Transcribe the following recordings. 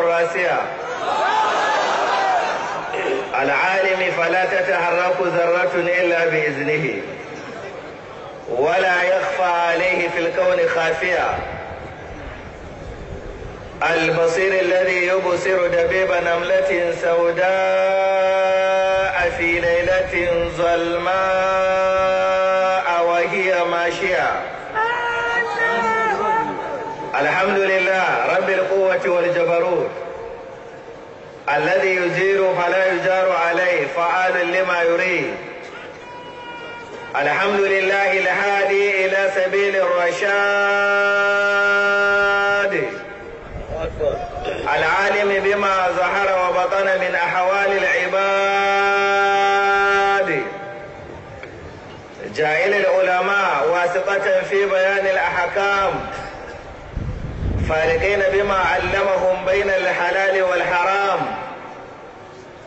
الراسية العالم فلا تتحرك ذرة إلا بإذنه ولا يخفى عليه في الكون خافية البصير الذي يبصر دبيب نملة سوداء في ليلة ظلماء وهي ماشية الحمد لله والجبروت الذي يجير فلا يجار عليه فعال لما يريد الحمد لله الهادي إلى سبيل الرشاد العالم بما ظهر وبطن من أحوال العباد جائل العلماء واسطة في بيان الأحكام فارقين بما علمهم بين الحلال والحرام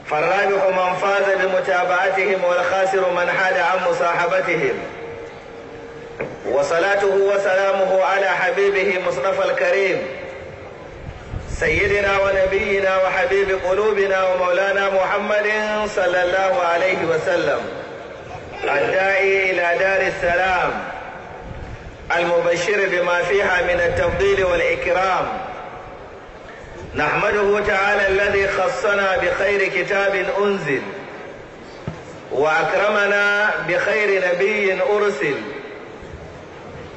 فالرابح من فاز بمتابعتهم والخاسر من حاد عن مصاحبتهم وصلاته وسلامه على حبيبه مصطفى الكريم سيدنا ونبينا وحبيب قلوبنا ومولانا محمد صلى الله عليه وسلم الداعي الى دار السلام المبشر بما فيها من التفضيل والإكرام نحمده تعالى الذي خصنا بخير كتاب أنزل وأكرمنا بخير نبي أرسل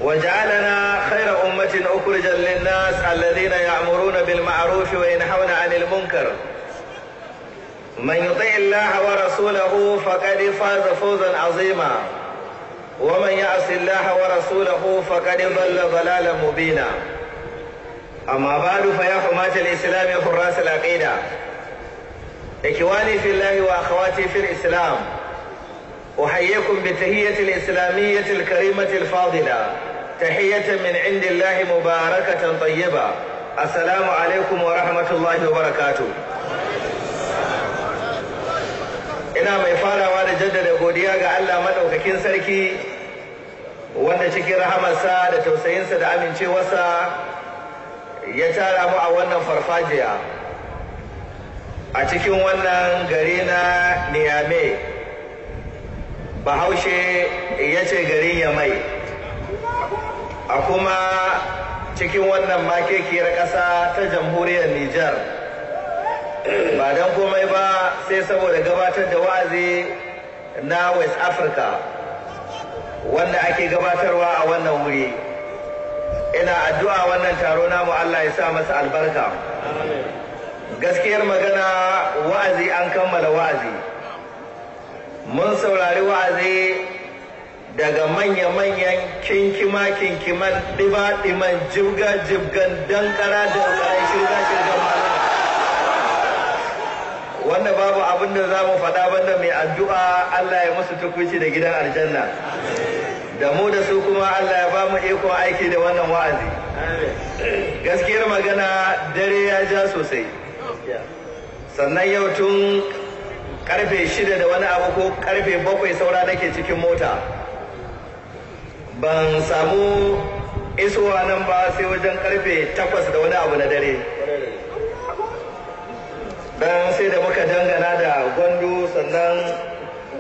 وجعلنا خير أمة أخرجا للناس الذين يأمرون بالمعروف وينحون عن المنكر من يطيع الله ورسوله فقد فاز فوزا عظيما ومن يعص الله ورسوله فقد ضل ضلالا مبينا أما بعد فيا حماة الإسلام حراس العقيدة إخواني في الله وأخواتي في الإسلام أحييكم بالتهية الإسلامية الكريمة الفاضلة تحية من عند الله مباركة طيبة السلام عليكم ورحمة الله وبركاته إنا ما jaddada godiya ga Allah maɗaukakin sarki wanda cikin rahamarsa da tausayinsa da amincewarsa ya tara mu a wannan farfajiya a cikin wannan gari na niyame bahaushe ya ce garin yamai a kuma cikin wannan makekiyar ƙasa ta jamhuriyar nijar ba don komai ba sai saboda gabatar da wa'azi na west africa wanda ake gabatarwa a wannan wuri ina addu'a wannan taro namu allah ya sa masa albarka gaskiyar magana wa'azi an kammala wa'azi mun saurari wa'azi daga manya-manyan kinkima-kinkiman ɗiba-ɗiman jibga-jibgan dankara da shirga-shirgan malam wanda babu abin da za mu faɗa banda mai addu'a Allah ya musu tukunci da gidan aljanna da mu da su kuma Allah ya ba mu ikon aiki da wannan wa'azi gaskiyar magana dare ya ja sosai sannan yau tun karfe shida da wani abu ko karfe bakwai saura nake cikin mota ban samu isowa nan ba sai wajen karfe takwas da wani abu na dare dan sai da muka dangana da gwandu sannan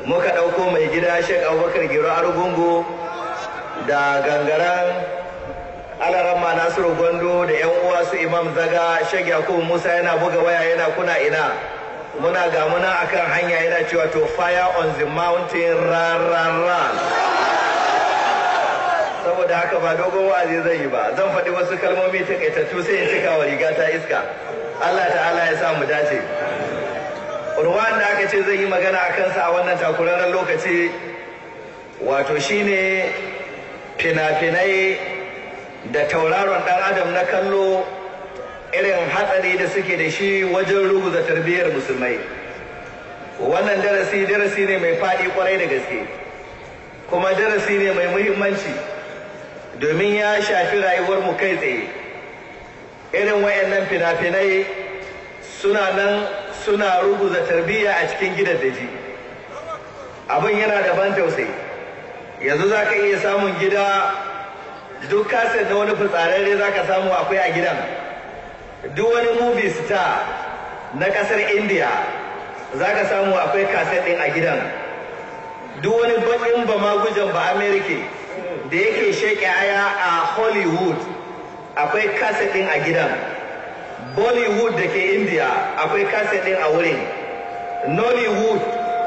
muka ɗauko mai gida shek abubakar gero argungu da gangaren alarama nasiru gwandu da yan uwa su imam zaga shek yakubu musa yana buga waya yana kuna ina muna ga muna akan hanya yana cewa to fire on the mountain ran saboda haka ba dogon wa'azi zai yi ba zan faɗi wasu kalmomi ta takaitattu sai in cika wa riga ta iska Allah ta'ala ya sa mu dace ruwan da aka ce zai yi magana a kansa a wannan takurarren lokaci wato shine fina-finai da tauraron ɗan adam na kallo irin hatsari da suke da shi wajen ruguza tarbiyyar musulmai wannan darasi darasi ne mai faɗi kwarai da gaske kuma darasi ne mai muhimmanci domin ya shafi rayuwar mu kai tsaye irin wayannan fina-finai suna nan suna ruguza tarbiyya a cikin gidan daji abin yana da ban tausayi yanzu za ka iya samun gida duk kasar da wani fitsararre za ka samu akwai a gidan duk wani movie star na kasar india za ka samu akwai kasar ɗin a gidan duk wani baƙin ba magujan ba amerika da yake sheƙe aya a hollywood akwai kaset ɗin a gidan bollywood da ke india akwai kaset ɗin a wurin nollywood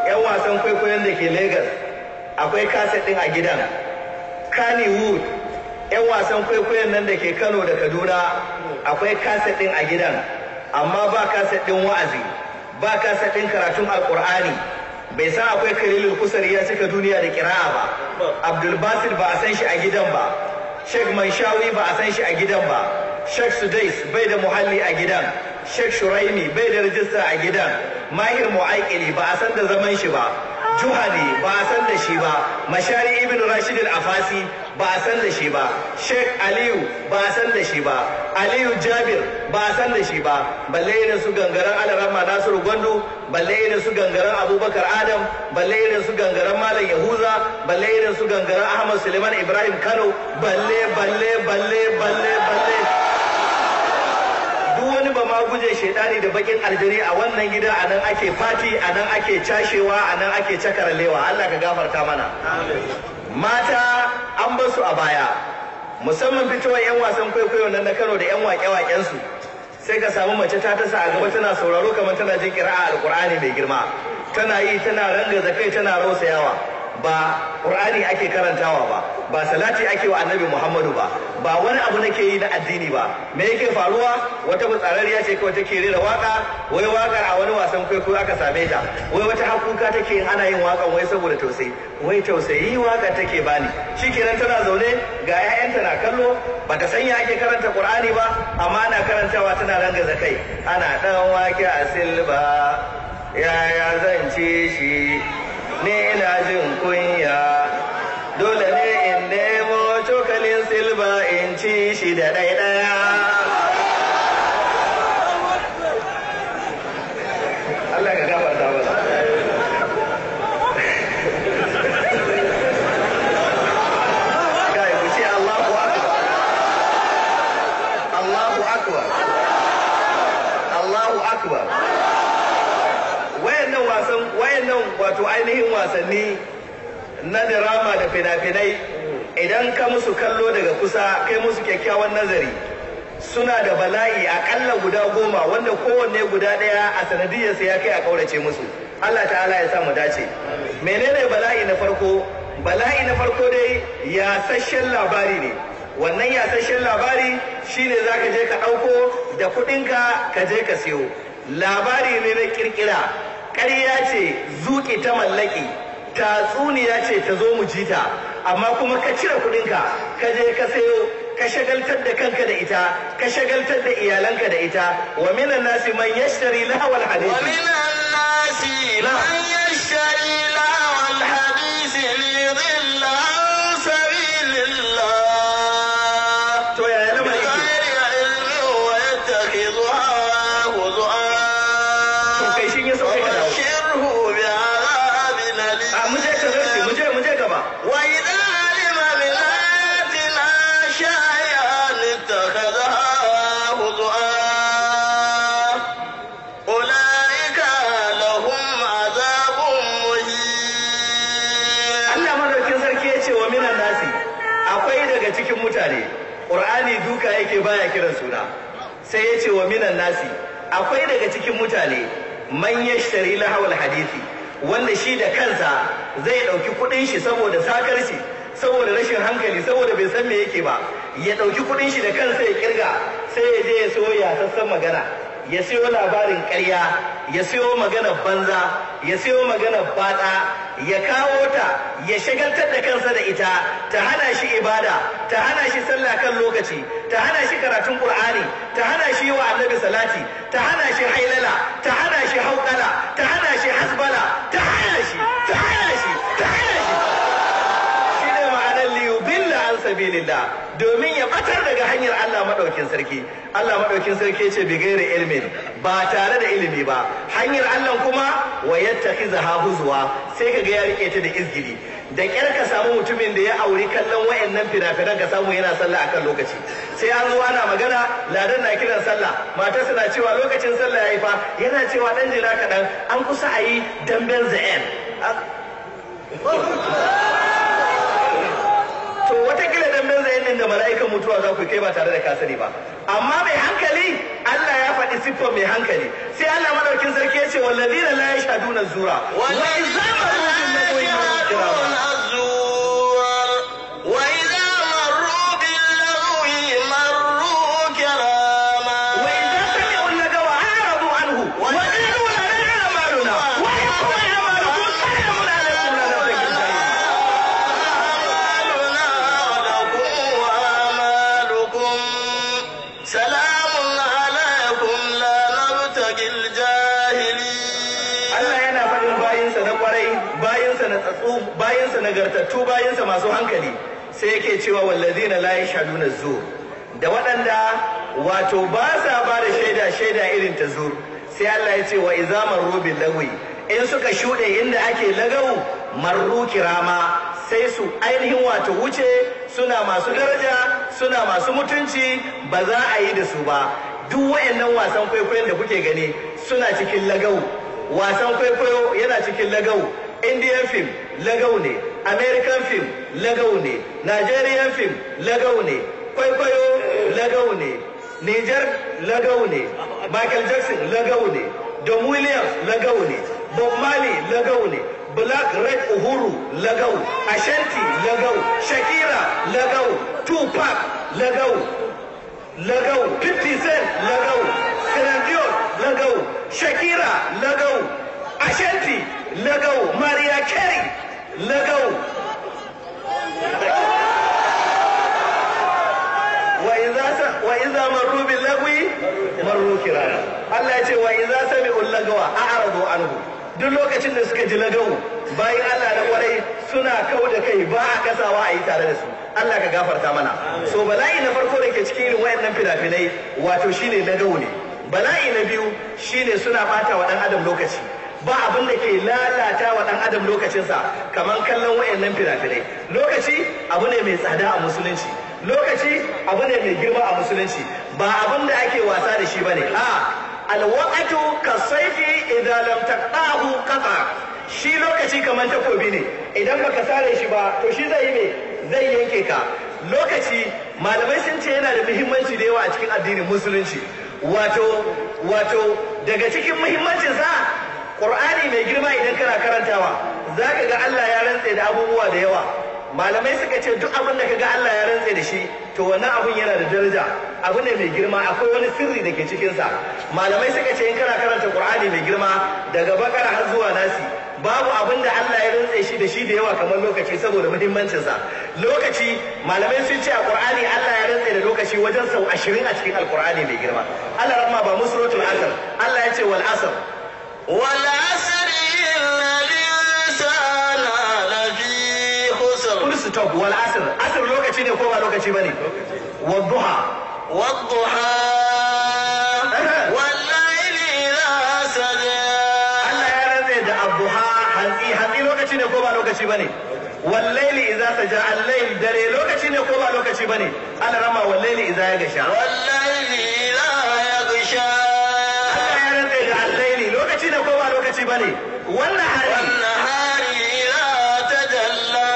'yan wasan kwaikwayon da ke lagos akwai kaset ɗin a gidan kannywood 'yan wasan kwaikwayon nan da ke kano da kaduna akwai kaset ɗin a gidan amma ba kaset ɗin wa'azi ba kaset ɗin karatun alkur'ani bai san akwai kalilul kusari ya cika duniya da kira'a ba Abdulbasir ba a san shi a gidan ba Sheikh Manshawi ba a san shi a gidan ba Sheikh Sudais bai da muhalli a gidan Sheikh shuraimi bai da rajista a gidan Mahir Mu'aikili ba a san da zaman shi ba juhani ba a san da shi ba mashari ibn rashid al-afasi ba a san da shi ba sheikh aliyu ba a san da shi ba aliyu jabir ba a san da shi ba balle ne su gangaren alarama nasiru gwandu balle ne su gangaren abubakar adam balle ne su gangaren malam yahuza balle ne su gangaren ahmad suleiman ibrahim kano balle balle balle balle balle wani ba ma guje shaidani da bakin aljiri a wannan gida a nan ake fati a nan ake cashewa a nan ake cakaralewa Allah ka gafarta mana mata an ba su a baya musamman fitowar yan wasan kwaikwayo nan na Kano da yan waƙe-waƙen su sai ka samu mace ta tasa a gaba tana sauraro kamar tana jin kira'a alƙur'ani mai girma tana yi tana rangaza kai tana rausayawa ba ƙur'ani ake karantawa ba ba salati ake wa annabi muhammadu ba ba wani abu nake yi na addini ba me yake faruwa wata butsarariya ce kawai take rera waka wai wakar a wani wasan kwaikwayo aka same ta wai wata hakuka take ana yin wakan wai saboda tausayi wai tausayi waka take bani shikenan tana zaune ga 'ya'yanta na kallo bata san ya ake karanta ƙur'ani ba amma ana karantawa tana rangaza kai ana ɗan wake a silba yaya zan ci shi ni ina jin kunya dole ne in nemo cokalin silba in ci shi da ɗaya ɗaya san wayannan wato ainihin wasanni na dirama da fina-finai idan ka musu kallo daga kusa kai musu kyakkyawan nazari suna da bala'i akalla guda goma wanda kowanne guda ɗaya a sanadiyarsa ya kai a kaurace musu Allah ta'ala ya samu dace menene bala'i na farko bala'i na farko dai yasasshen labari ne wannan yasasshen labari shine za ka je ka ɗauko da kuɗinka ka je ka siyo labari ne na ƙirƙira ƙarya ce zuƙi ta mallaki tatsuniya ce ta zo mu ji ta amma kuma ka cire kuɗinka ka je ka sayo ka shagaltar da kanka da ita ka shagaltar da iyalanka da ita wa minan nasi man yashtari lahawal wa minan nasi man yashtari yace wa minan nasi akwai daga cikin mutane man yashtari lahawal hadisi wanda shi da kansa zai ɗauki kuɗin shi saboda sakarci saboda rashin hankali saboda bai san me yake ba ya ɗauki kuɗin shi da kansa ya kirga sai ya je ya soya sassan magana ya siyo labarin ƙarya ya siyo maganar banza ya siyo maganar bada ya kawo ta ya shagaltar da kansa da ita ta hana shi ibada ta hana shi sallah kan lokaci ta hana shi karatun qur'ani ta hana shi wa annabi salati ta hana shi hailala ta hana shi hauƙala sabilillah domin ya batar daga hanyar Allah madaukin sarki Allah madaukin sarki ce bi gairi ilmi ba tare da ilimi ba hanyar Allah kuma wa yattakhizaha huzwa sai kaga ya rike ta da izgiri da kyar ka samu mutumin da ya auri kallon wayannan fina-finan ka samu yana sallah akan lokaci sai an zo ana magana ladan na kiran sallah matarsa na cewa lokacin sallah yayi fa yana cewa dan jira kaɗan an kusa a yi damben za'en irin da mala'ikan mutuwa za ku kai ba tare da ka ba amma mai hankali Allah ya faɗi siffar mai hankali sai Allah madaukin sarki ya ce wallazina la yashhaduna zura wa la qalu bil nagartattu bayansa masu hankali sai yake cewa wallazina shanu shaduna zo da waɗanda wato ba sa ba da shaida shaida irin ta zo sai Allah ya ce wa izaman robin lagwai lagwi in suka shuɗe inda ake lagau marru kirama sai su ainihin wato wuce suna masu daraja suna masu mutunci ba za a yi da su ba duk wa'annan wasan kwaikwayon da kuke gani suna cikin lagau wasan kwaikwayo yana cikin lagau indian film lagau ne american film lagau ne nigerian film lagau ne kwaikwayo lagau ne niger lagau ne michael jackson lagau ne don williams lagau ne bob marley lagau ne black red uhuru lagau ashanti lagau shakira lagau tupac lagau lagau 50 cent lagau Serendio lagau shakira lagau ashanti lagau maria carey let go wa iza marru bil lagwi marru kiraya Allah ya ce wa iza duk lokacin da suka ji lagawu bayan Allah na kwarai suna kau da kai ba a kasawa a yi tare da su Allah ka gafarta mana so bala'i na farko da ke cikin irin wayannan fina-finai wato shine lagawu ne bala'i na biyu shine suna bata wa dan adam lokaci ba abin da ke lalata wa ɗan adam lokacinsa kamar kallon wayannan fina-finai lokaci abu ne mai tsada a musulunci lokaci abu ne mai girma a musulunci ba abin da ake wasa da shi bane a alwaqatu saifi idan lam taqtahu qata shi lokaci kamar takobi ne idan baka sare shi ba to shi zai yi me zai yanke ka lokaci malamai sun ce yana da muhimmanci da yawa a cikin addinin musulunci wato wato daga cikin muhimmancinsa Qur'ani mai girma idan kana karantawa za ka ga Allah ya rantse da abubuwa da yawa malamai suka ce duk abin da kaga Allah ya rantse da shi to wannan abun yana da daraja abu ne mai girma akwai wani sirri da ke cikin sa malamai suka ce in kana karanta Qur'ani mai girma daga bakara har zuwa nasi babu abin da Allah ya rantse shi da shi da yawa kamar lokaci saboda muhimmancin sa lokaci malamai sun ce a Qur'ani Allah ya rantse da lokaci wajen sau 20 a cikin Al-Qur'ani mai girma Allah rahma ba musrotul asr Allah ya ce wal asr stop wal asr asr lokaci ne ko ba lokaci bane wadduha wadduha lokaci ne ko ba lokaci bane wallaili idza saja al-layl dare lokaci ne ko ba lokaci bane Allah rama wallaili idza ya gasha lokaci bane wannan hari wannan hari ya tajalla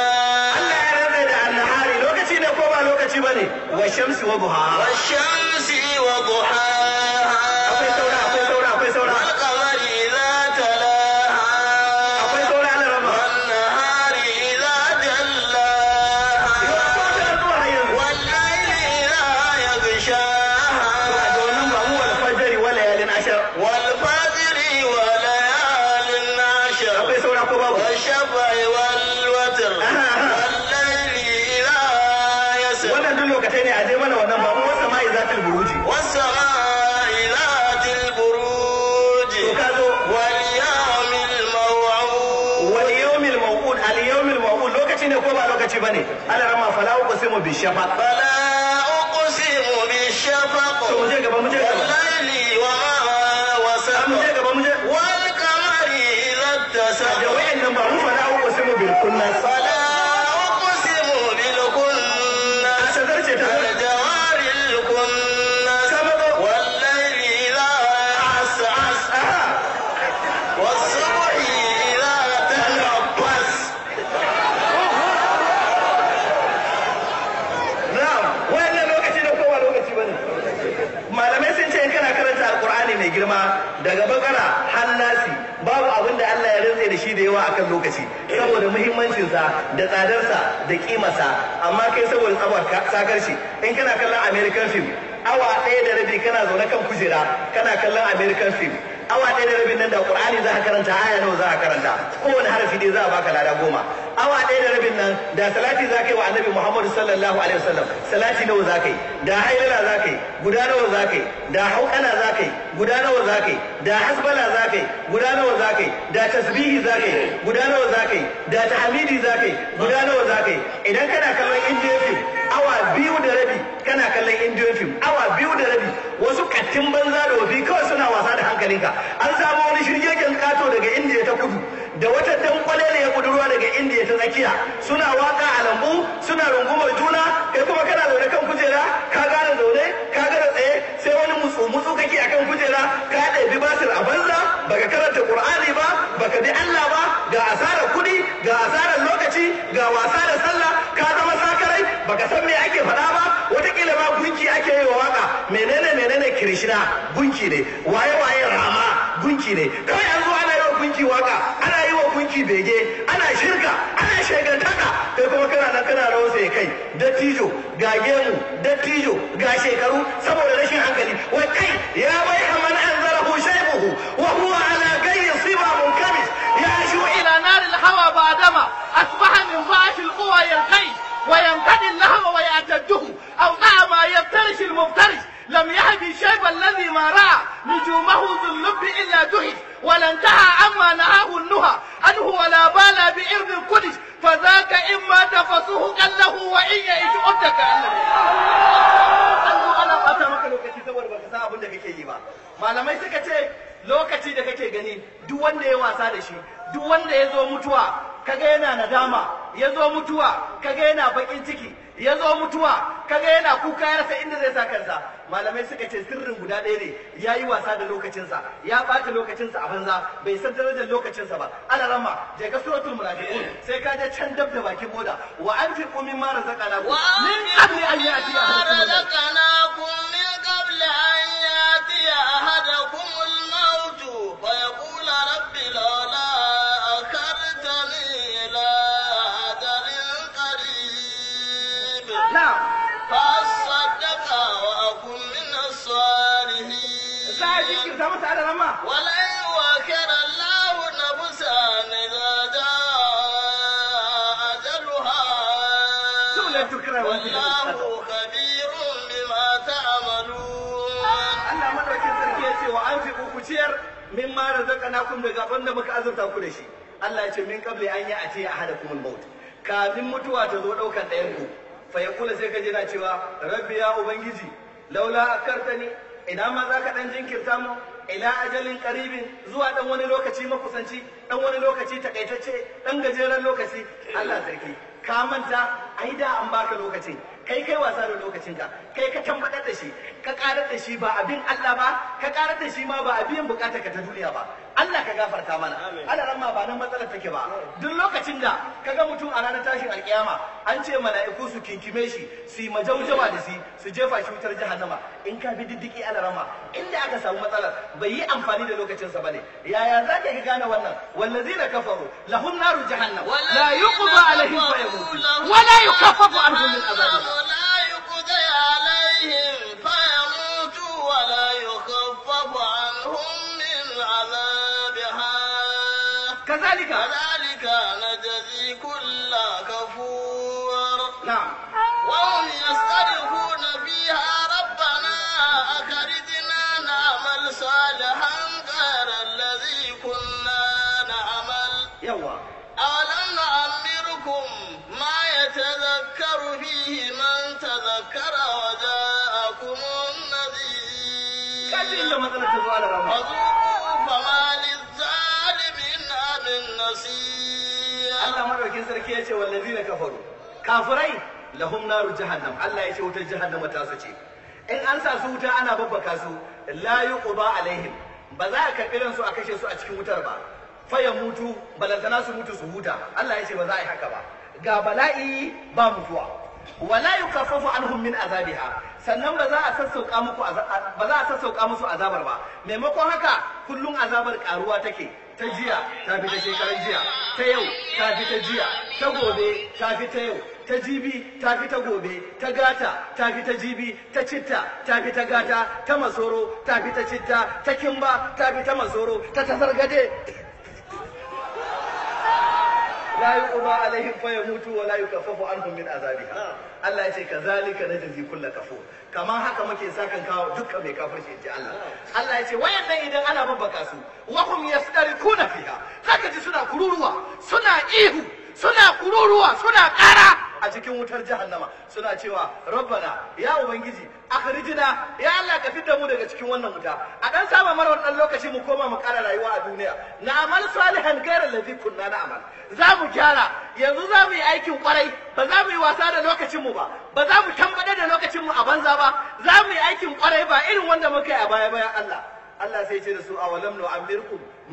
Allah ya rabe da annahari lokaci ne ko ba lokaci bane wa shamsi wa duha wa shamsi Encher a daga bakara hannasi babu abin da Allah ya rantse da shi da yawa akan lokaci saboda muhimmancinsa da tsadarsa da kimarsa amma kai saboda tsabar sakar shi in kana kallon American film awa ɗaya da rabi kana zaune kan kujera kana kallon American film awa ɗaya da rabi nan da Qur'ani za ka karanta aya nawa za ka karanta kowane harafi dai za a baka lada goma awa ɗaya da rabin nan da salati za ka yi wa annabi muhammadu sallallahu alaihi wasallam salati nawa za ka yi da hailala za ka yi guda nawa za ka yi da hauƙala za ka yi guda nawa za ka yi da hasbala za ka yi guda nawa za ka yi da tasbihi za ka yi guda nawa za ka yi da tahmidi za ka yi guda nawa za ka yi idan kana kallon indian awa biyu da rabi kana kallon indian awa biyu da rabi wasu kattin banza da wafi kawai suna wasa da hankalinka an samu wani shirgegen kato daga indiya ta kudu da wata dankwale ya kudurwa daga indiya ta tsakiya suna waka a lambu suna rungumar juna kai kuma kana zaune kan kujera ka gane zaune ka gane tsaye sai wani mutsu mutsu kake akan kujera ka ɗabi basir a banza baka karanta qur'ani ba baka bi allah ba ga asarar kuɗi ga asarar lokaci ga wasa da sallah ka zama baka san me ake faɗa ba wata kila ma gunki ake yi wa waka menene menene kirishina gunki ne waye waye rama gunki ne kawai an zo ana yi wa gunki waka ana yi wa gunki bege ana shirka ana shegantaka kai kuma kana nan kana rawar sai kai dattijo ga gemu dattijo ga shekaru saboda rashin hankali wai kai ya bai amana an zarahu shaibuhu wa huwa ala gayyi siba kai. الهوى بادما أصبح من ضعف القوى يلقي وينتدي اللهو ويعتده أو ما يفترش المفترش لم يهدي شيب الذي ما رأى نجومه ذو اللب إلا دهي ولا انتهى عما نهاه النهى أنه ولا بال بإرض القدس فذاك إما تفسه كله وإن يئس أدك malamai suka ce lokaci da kake gani duk wanda ya wasa da shi duk wanda ya zo mutuwa kaga yana nadama ya zo mutuwa kaga yana bakin ciki ya zo mutuwa kaga yana kuka ya rasa inda zai sa kansa malamai suka ce sirrin guda ɗaya ne ya yi wasa da lokacinsa ya ɓata lokacinsa a banza bai san darajar lokacinsa ba ala rama je ka suratul munafiqun sai ka je can dab da bakin boda wa anfiqu mimma ku min qabli an ya'tiya razaqnakum min qabli an ya'tiya ahadakum al-maut fa yaqula rabbi lawla akhartani ila ta mata ala rama wala yu'akhiru Allahu nafsan idza jaa ajaluha thumma tukra wa Allahu ma ta ta'malun Allah madaukin sarki yace wa anfiqu kuciyar na razaqnakum daga da muka azurta ku da shi Allah ya ce min qabli an ce a hada kuma bauta. kafin mutuwa ta zo daukan ɗayan ku fayakula sai ka na cewa rabbi ya ubangiji laula akartani ne. ma za ka ɗan jinkirta mu ila ajalin karibin zuwa dan wani lokaci makusanci dan wani lokaci takaitacce dan gajeren lokaci Allah sarki ka manta ai da an baka lokaci kai kai wasa da lokacinka kai ka tambadar da shi ka karar da shi ba abin Allah ba ka karar da shi ma ba abin bukatarka ta duniya ba Allah ka gafarta mana ana ran ma ba nan matsalar take ba duk lokacin da kaga mutum a ranar tashin alkiyama an ce mala'iku su kinkime shi su yi majaujaba da shi su jefa shi wutar jahannama in ka bi diddiki ana rama inda aka samu matsalar bai yi amfani da lokacinsa bane yaya za ka gane wannan wallazina kafaru lahun naru jahannam la yuqda alaihim fa yamutu wa la yukaffafu anhum min azabiha كذلك كذلك نجزي كل كفور نعم وهم يسترخون فيها ربنا أخرجنا نعمل صالحا غير الذي كنا نعمل يوا أولم نعمركم ما يتذكر فيه من تذكر وجاءكم النذير على فما min nasiya Allah madaukin sarki ya ce wallazi na kafaru kafirai lahum naru jahannam Allah ya ce wutar jahannama ta sace in an sa su wuta ana babbaka su la yuqba alaihim ba za ka kiran su a kashe su a cikin wutar ba fa ya mutu balantana su mutu su huta Allah ya ce ba za a yi haka ba ga bala'i ba mutuwa wala yukaffafu anhum min azabiha sannan ba za a sassauka muku ba za a sassauka musu azabar ba maimakon haka kullun azabar karuwa take ta jiya ta fi ta shekaran jiya ta yau ta fi ta jiya ta gobe ta fi ta yau ta jibi ta fi ta gobe ta gata ta fi ta jibi ta citta ta fi ta gata ta masoro ta fi ta citta ta kimba ta fi ta masoro ta tasargade la yuqda alaihim fa yamutu wa la yukaffafu anhum min azabiha Allah ya ce ka zalika na najzi kulla kafur kamar haka muke sakan kawo dukkan mai kafirci ce Allah Allah ce wayannan idan ana babbaka su wa hum ruwa suna ƙara a cikin wutar jahannama suna cewa rabbana ya ubangiji akhrijna ya Allah ka fitar mu daga cikin wannan wuta a dan saba mana wannan lokaci mu koma mu kara rayuwa a duniya na amal salihan ghayra alladhi kunna na'mal za mu gyara yanzu za mu yi aikin kwarai ba za mu yi wasa da lokacin mu ba ba za mu tambada da lokacin mu a banza ba za mu yi aikin kwarai ba irin wanda muka yi a baya bayan Allah Allah sai ce da su awalam nu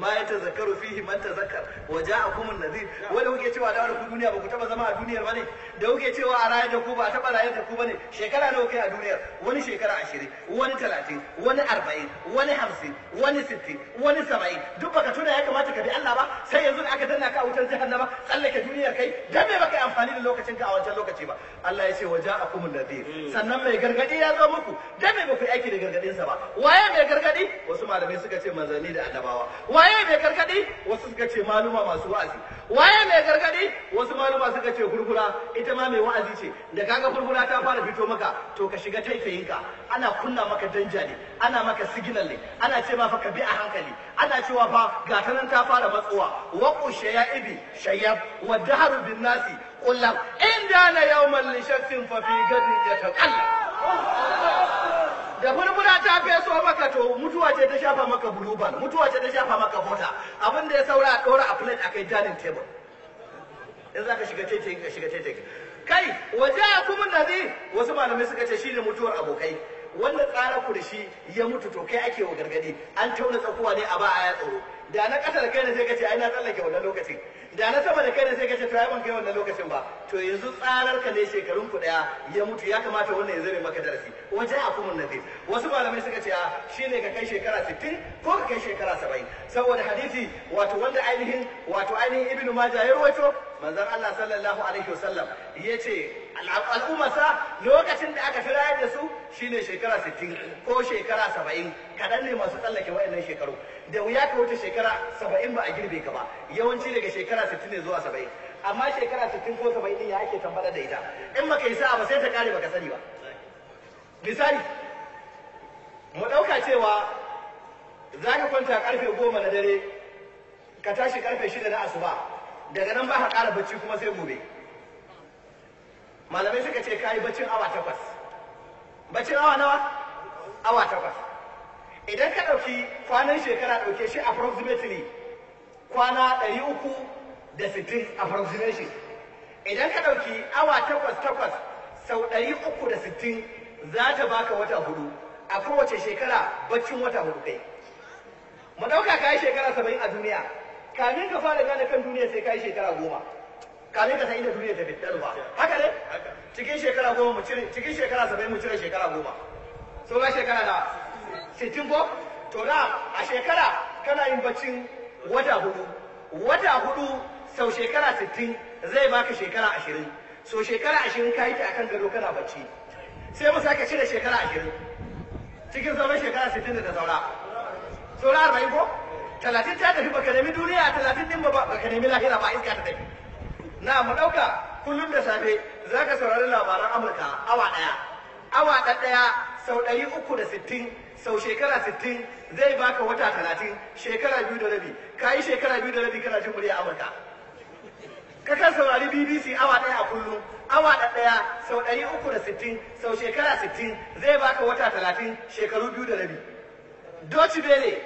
ma ya tazakaru fihi man tazakar wa a an-nadhir wanda kuke cewa da ku duniya ba ku taba zama a duniyar bane da kuke cewa a rayar da ku ba a taba rayar da ku ne shekara nawa kai a duniyar wani shekara ashirin wani talatin wani arba'in wani hamsin wani sittin wani saba'in duk baka tuna ya kamata ka bi Allah ba sai yanzu aka danna ka a wutar jahannama tsallake duniyar kai dan me baka amfani da lokacin ka a wancan lokaci ba Allah ya ce wa a kumun nadhir hmm. sannan mai gargadi ya zo muku dan me ba ku aiki da gargadin sa ba waye mai gargadi wasu malamai suka ce manzanni da annabawa waye waye mai gargadi wasu suka ce maluma masu wa'azi waye mai gargadi wasu maluma suka ce furfura ita ma mai wa'azi ce da kaga furfura ta fara fito maka to ka shiga taifayinka ana kunna maka danja ne ana maka signal ne ana ce ma fa ka bi a hankali ana cewa fa gata nan ta fara matsuwa ya ibi shayyab wa dahru bin nasi qullam inda na yawmal li fa fi gadin taqalla da murmura ta feso maka to mutuwa ce ta shafa maka buluban mutuwa ce ta shafa maka bota abin da ya saura a ɗora a plate akai dining table in za ka shiga tete ka shiga tete kai waje a kuma nazi wasu malamai suka ce shi ne mutuwar abokai wanda tsara ku da shi ya mutu to kai ake wa gargadi an tauna tsakuwa ne a ba a ya tsoro da na kasar kai na sai ka ce ai na tsallake wannan lokacin da na sama da kai ne sai ka ce to ai ban kai wannan lokacin ba to yanzu tsarar ka ne shekarun ku daya ya mutu ya kamata wannan ya zame maka darasi waje a kuma nabi wasu malamai suka ce a shine ka kai shekara 60 ko ka kai shekara 70 saboda hadisi wato wanda ainihin wato ainihin ibnu majah ya rawaito manzon Allah sallallahu alaihi wasallam yace al'ummarsa lokacin da aka shirya da su shine shekara 60 ko shekara 70 kaɗan ne masu tsallake wayannan shekaru da wuya ka wuce shekara 70 ba a girbe ka ba yawanci daga shekara 60 ne zuwa 70 amma shekara 60 ko 70 din ya ake tambada da ita in baka yi sa'a ba sai ta kare baka sani ba misali mu ɗauka cewa za ka kwanta karfe goma na dare ka tashi karfe shida na asuba daga nan ba ka ƙara bacci kuma sai gobe malamai suka ce kayi bacin awa takwas bacin awa nawa awa takwas idan ka ɗauki kwanan shekara ɗauke shi approximately kwana ɗari uku da sittin approximation idan ka ɗauki awa takwas takwas sau ɗari uku da sittin za ta baka wata hudu a kowace shekara baccin wata hudu kai mu ɗauka kayi shekara saba'in a duniya kamin ka fara gane kan duniya sai kayi shekara goma kamin ka san inda duniya ta fitar ba haka ne cikin shekara goma mu cire cikin shekara saba'in mu cire shekara goma ga shekara na sittin ko to da a shekara kana yin baccin wata hudu wata hudu sau shekara sittin zai baka shekara ashirin so shekara ashirin ka yi ta akan gado kana bacci sai mu sake cire shekara ashirin cikin sauran shekara sittin da ta saura saura arba'in ko talatin ta tafi baka nemi duniya talatin din ba baka nemi lahira ba iska ta tafi na mu ɗauka kullum da safe za ka saurari labaran amurka awa ɗaya awa ɗaya sau ɗari uku da sittin sau shekara sittin zai baka wata talatin shekara biyu da rabi ka yi shekara biyu da rabi kana jin murya amurka ka kan saurari bbc awa ɗaya a kullum awa ɗaya sau ɗari uku da sittin sau shekara sittin zai baka wata talatin shekaru biyu da rabi doci bele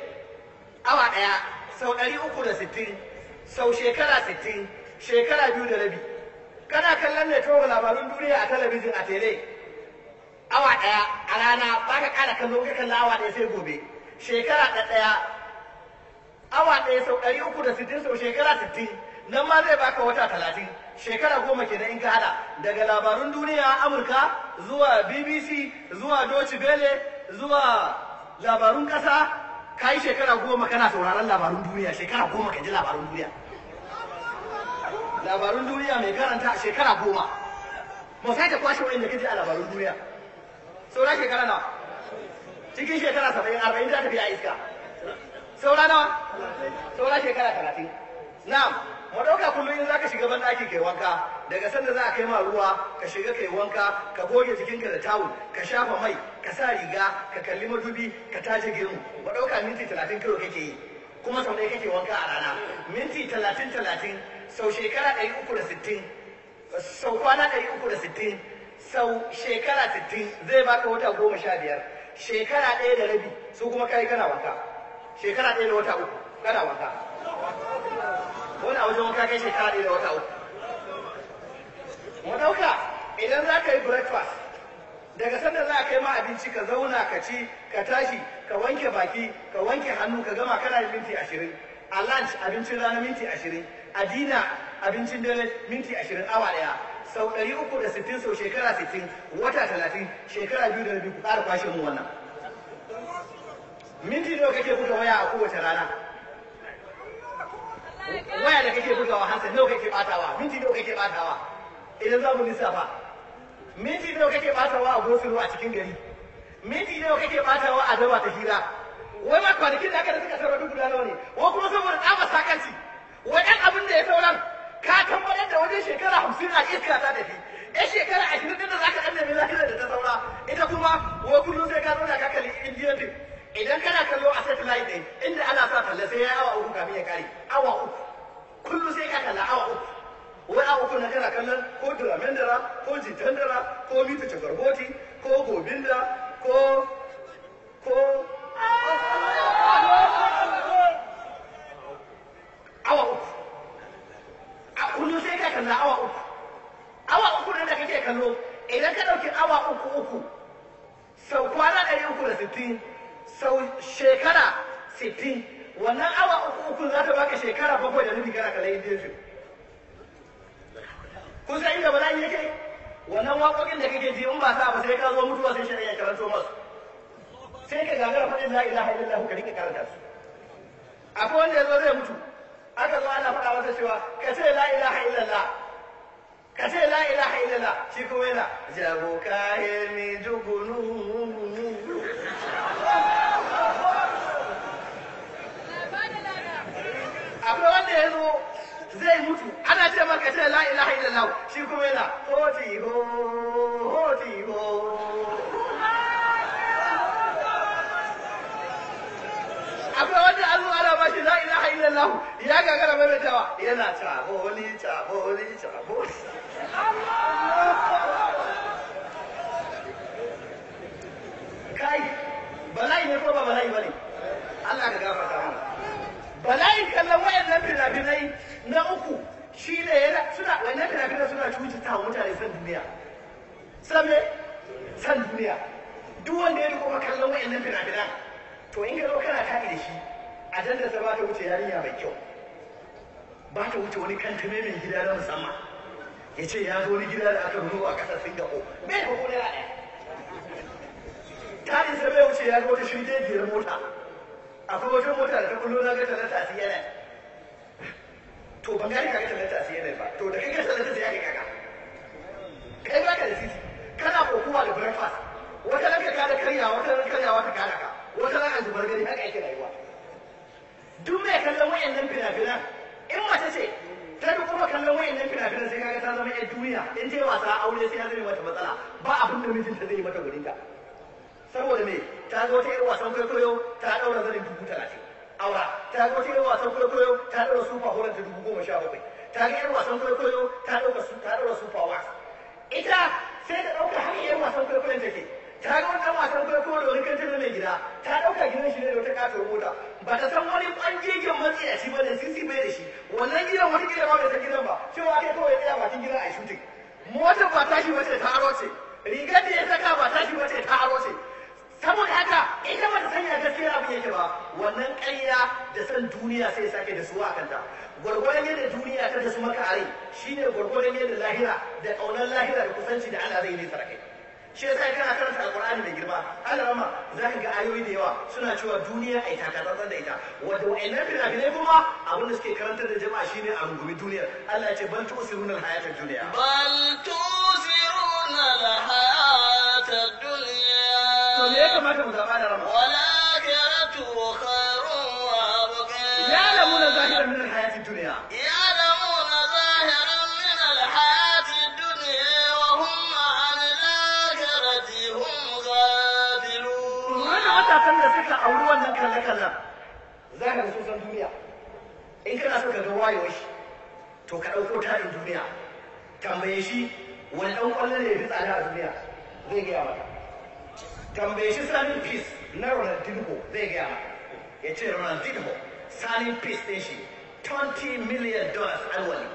awa ɗaya sau ɗari uku da sittin sau shekara sittin shekara biyu da rabi kana kallon ne tsohon labarun duniya a talabijin a tele awa ɗaya a rana ba ka ƙara kallon ka kalla awa ɗaya sai gobe shekara ɗaya awa ɗaya sau ɗari uku da sittin sau shekara sittin nan ma zai baka wata talatin shekara goma kenan in ka hada daga labarun duniya amurka zuwa bbc zuwa doci bele zuwa labarun ƙasa ka yi shekara goma kana sauraron labarun duniya shekara goma ka ji labarun duniya labarun duniya mai karanta a shekara goma ba sai ta kwashe wani da kaji a labarun duniya saura shekara nawa cikin shekara saba'in arba'in za ta a iska saura nawa saura shekara talatin Na mu ɗauka kullum in za ka shiga banɗaki kai wanka daga sanda za a kai ma ruwa ka shiga kai wanka ka goge jikinka da tawul ka shafa mai ka sa riga ka kalli madubi ka taje girmu mu ɗauka minti talatin kawai kake yi kuma sau ɗaya kake wanka a rana minti talatin talatin sau shekara ɗari uku da sittin sau kwana ɗari uku da sittin sau shekara sittin zai baka wata goma sha biyar shekara ɗaya da rabi su kuma kai kana wanka shekara ɗaya da wata uku kana wanka wani a wajen wanka kai shekara ɗaya da wata uku mu ɗauka idan za ka yi breakfast daga sanda za a kai ma abinci ka zauna ka ci ka tashi ka wanke baki ka wanke hannu ka gama kana da minti ashirin a lunch abincin rana minti ashirin a dina abincin dare minti ashirin awa daya sau ɗari uku da sittin sau shekara sittin wata talatin shekara biyu da na ku ƙara kwashe mu wannan minti nawa kake buga waya a kowace rana waya da kake wa hansa nawa kake batawa minti nawa kake batawa idan za mu lissafa minti nawa kake batawa a gosulo a cikin gari minti nawa kake batawa a dawa ta hira wai ma kwanakin da aka da suka sarrafa dubu da nawa ne ko kuma saboda tsabar sakanci wa ɗan abin da ya sauran ka kamar da wajen shekara hamsin a iska ta tafi ya shekara ashirin da za ka ɗan nemi lafiyar da ta saura ita kuma wa kullum sai ka zauna kakali kalli indiya din idan kana kallo a satellite ɗin inda ana sa talle sai ya yi awa uku kafin ya kare awa uku kullum sai ka kalla awa uku wai awa uku na kana kallon ko duramendara ko jitandara ko Mita mitu chagarboti ko gobinda ko ko awa uku a kullum sai ka kalla awa uku awa uku nan da kake kallo idan ka ɗauki awa uku uku sau kwana ɗari uku da sittin sau shekara sittin wannan awa uku uku za ta baka shekara bakwai da nufi kana kallon indian film kun san inda bala'i kai, wannan waƙoƙin da kake ji in ba sa ba sai ka zo mutuwa sai shari'a karanto masu sai ka gagara faɗin la ilaha illallah ka rike karanta su akwai wanda ya zo zai mutu aka zo ana faɗa masa cewa ka ce la ilaha illallah ka ce la ilaha illallah shi kuma yana jabo kayan mi jugunu akwai wanda ya zo zai mutu ana ce maka ce la ilaha illallah shi kuma yana hoti ho hoti ho akwai wanda an da ana ba shi la ilaha illallah ya gagara mai tawa yana tabo tabo tabo kai bala'i ne ko ba bala'i bane Allah ka gafarta mana bala'in kallon nan fina-finai na uku shi ne yana suna wannan fina finai suna cutata wa mutane san duniya san me san duniya duk wanda ya duba kallon nan fina-finan to in ka kana taɗi da shi a jandarsa ba ta wuce yarinya mai kyau ba ta wuce wani kantame mai gida na musamman ya ce ya zo wani gida da aka rubu a ƙasar singapore bai da kuɗi na ɗaya tarin sa bai wuce ya ga wata biyar mota akwai wajen mota da ta kullo na ga na tasi yanayi to ban gani ka ga na tasi yanayi ba to da kai gata na tasi ya ga gaga kai ba ka da sisi kana kokowa da breakfast wata ranka ka da karyawa wata ranka karyawa ta kada ka wata rana zubar gari haka ake rayuwa duk mai kallon nan fina-finan in mace ce ta duk kuma kallon nan fina-finan sai kaga ta zama yan duniya in ce wasa aure sai ya zama mata matsala ba abin da mijinta zai yi mata gurin ta saboda me ta zo ta yi wasan kwaikwayo ta daura zanen dubu talatin aura ta zo ta yi wasan kwaikwayo ta daura sufa horon ta dubu goma sha bakwai ta ga yar wasan kwaikwayo ta daura sufa wax ita sai ta dauka har yar wasan kwaikwayon take ta ga wata matan farko da wani kantin na mai gida ta ɗauka gidan shi ne da wata kafin mota ba ta san wani ɓangegen matsi a shi ba da sisi bai da shi wannan gidan wani gidan ba bai ta gidan ba cewa ake kawai tsaya bakin gidan a shutin motar ba tashi wace ta aro ce rigar da ya saka ba tashi wace ta aro ce saboda haka ita ba ta sanya gaskiyar abin yake ba wannan ƙarya da san duniya sai sake da su a kanta gwargwadon yadda duniya ta da su maka a rai shine gwargwadon yadda lahira da ƙaunar lahira da kusanci da Allah zai yi ne sarakai shi yasa kana karanta alqur'ani mai girma alarama za ka ga ayoyi da yawa suna cewa duniya ai ta katsantsan da ita wanda wa'annan fina-finai kuma abin da suke karantar da jama'a shine a rungumi duniyar Allah ya ce bal tusirun alhayata duniya bal tusirun alhayata duniya to me ya kamata mu zaba da rama wala karatu khairun wa abqa ya lamuna zahiran min alhayati duniya ka auri wannan kalle-kallen za ka so san duniya in kana so ka ga wayewar shi to ka ɗauko tarin duniya tambaye shi wani ɗan ƙwallon ne fi tsada a duniya zai gaya mata. tambaye shi sanin peace na Ronaldinho zai gaya mata. ya ce Ronaldinho sanin peace ɗin shi 20 million dollars annually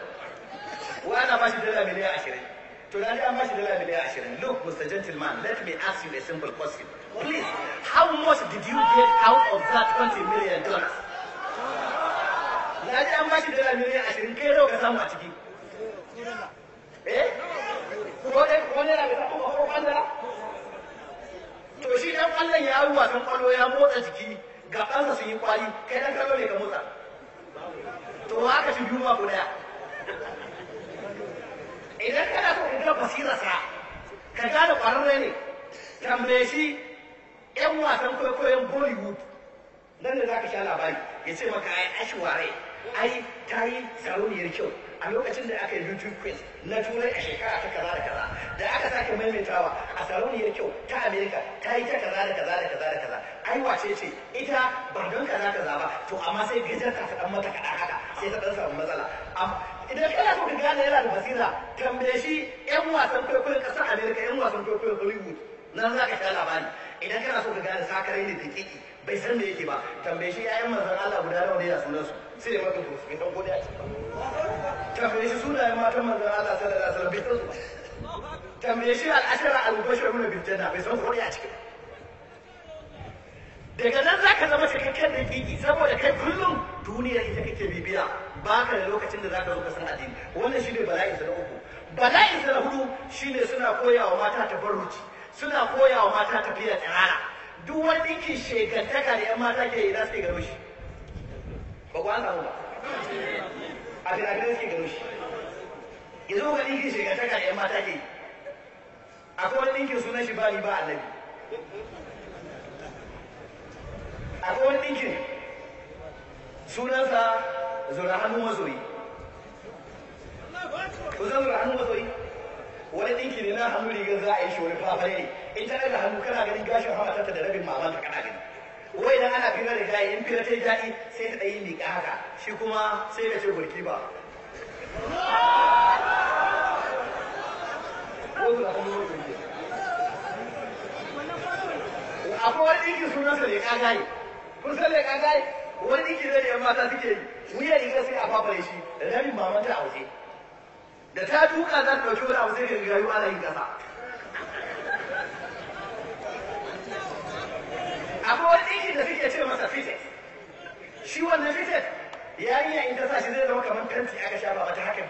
wa ana bashi dala miliyan ashirin to na ji an bashi dala miliyan ashirin look Mr. Gentleman let me ask you a simple question Please, how much did you get out of that 20 million dollars? an bashi dala miliyan ashirin kai nawa ka samu a ciki. Eh? Ko dai ko ne ko ko To shi dan ya wasan ya motsa jiki ga kansa sun yi kwali kai dan kallo ne ka motsa. To haka shi daya. Idan kana so ka ga basirarsa ka gane kwararre ne tambaye shi yan wasan kwaikwayon bollywood nan da za ka sha labari ya ce maka ai a ai ta yi sarauniyar kyau a lokacin da aka yi youtube quiz na turai a shekara ta kaza da kaza da aka sake maimaitawa a sarauniyar kyau ta america ta yi ta kaza da kaza da kaza da kaza ai wace ce ita ba don kaza kaza ba to amma sai gajar ta dan mata kaɗa haka sai ta dan samu matsala idan kana so ka gane yana da basira tambaye shi yan wasan kwaikwayon ƙasar america yan wasan kwaikwayon hollywood nan za ka ta labari idan kana so ka gane sakarai ne dakiki bai san me yake ba tambaye shi yayan manzon Allah guda nawa ne ya sunan su sai ya maka tosu idan gode a cikin tambaye shi sunayen matan manzon Allah sallallahu alaihi wasallam bai san su ba tambaye shi al'ashara al-bashar min bil bai san gode a cikin daga nan za ka zama cikakken kiki saboda kai kullum duniyar ita kake bibiya ba ka da lokacin da za ka zo ka san addini wannan shi ne sa na uku sa na hudu shi ne suna koyawa mata tabarruci suna koya wa mata tafiya tsirara duk wani ɗinkin shekantaka da 'yan mata ke yi za su ke gano shi ba ku an samu ba a finafinan suke gano shi yanzu ga ɗinkin shekantaka da 'yan mata ke yi akwai wani ɗinkin sunan shi ba ni ba annabi akwai wani ɗinkin sunansa zura hannu mazoyi Ku zan zura hannu mazoyi wani ɗinki ne na hannu rigar za a yi shi wani fafare ne in ta daga hannu kana ganin gashin hamatarta da rabin mamanta kana gani wai idan ana fira da jayi in fira ta yi jayi sai ta ɗayi miƙa haka shi kuma sai ka ce gurki ba akwai wani ɗinki sunansa ne ƙagaye kun san ne ƙagaye wani ɗinki zai da yan mata suke yi wuyar rigar sai a fafare shi rabin mamanta a waje da ta duka za ta ɗauki wani abu zai ga rayuwa ana yin ƙasa akwai wani ɗinkin da suke ce masa fitet shi wannan fitet yi yayin ta sa shi zai zama kamar kanti aka sha ba wata haka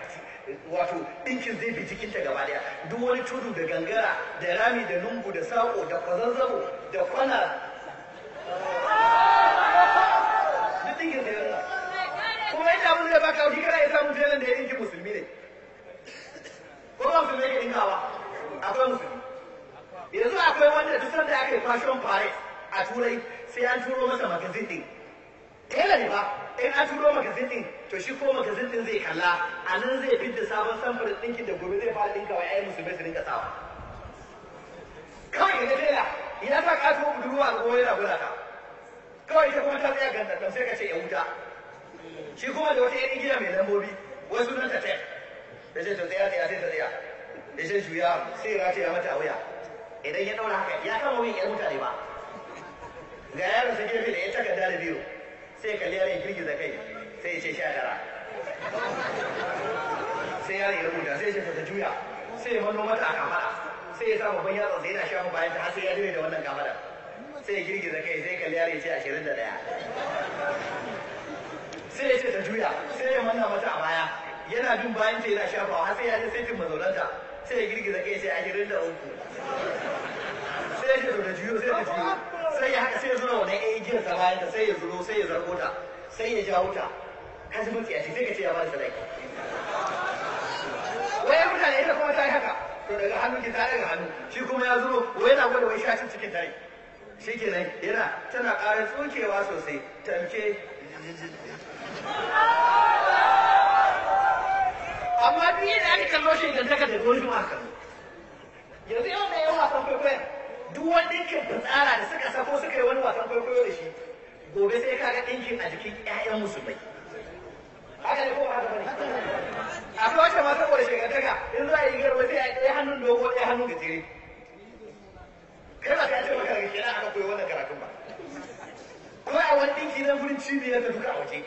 wato ɗinkin zai bi ta gaba daya duk wani tudu da gangara da rami da lungu da saƙo da kwazazzabo da kwana haka sai rataya mata a wuya idan ya daura haka ya kama wuyan yan mutane ba ga yaron sa gefe da ya taka da biyu sai kalli yaron girgiza kai sai ya ce sha tara sai yaron ya rubuta sai ya ce ta juya sai ya manno mata a kafada sai ya sa babban yatsa sai yana shafa bayan ta har sai ya dire da wannan kafada sai ya girgiza kai sai kalli yaron ya ce ashirin da ɗaya sai ya ce ta juya sai ya manna mata a baya yana bin bayan ta yana shafawa har sai ya je saitin mazaunanta sai ya girgiza kai sai ashirin da uku sai ya da juyo sai ta juyo sai ya haka sai ya zura wani ɗaya gina ta sai ya zuro sai ya zarko ta sai ya jawo ta ka ji mutsi a sai ka ce ya ba shi sadaki wai mutane ita kuma ta yi haka to daga hannu ki ta daga hannu shi kuma ya zuro wai yana gwada wai shashin cikin tare shi ke kenan yana tana ƙarar tsokewa sosai tamke amma duk yadda ake kallo shi idan daga daga wani aka yanzu yau ne yan wasan kwaikwayon duk wani ɗinkin tsara da suka sako suka yi wani wasan kwaikwayo da shi gobe sai ka ga ɗinkin a jikin 'ya'yan musulmai haka ne ko ba haka A akwai wacce ma saboda shekartaka in za a yi garba sai a yi ɗaya hannun dogo ɗaya hannun gajere kai ba ka ce maka ga kenan aka koyi wannan karatun ba ko a wani ɗinki na gurin cibiyar ta duka a waje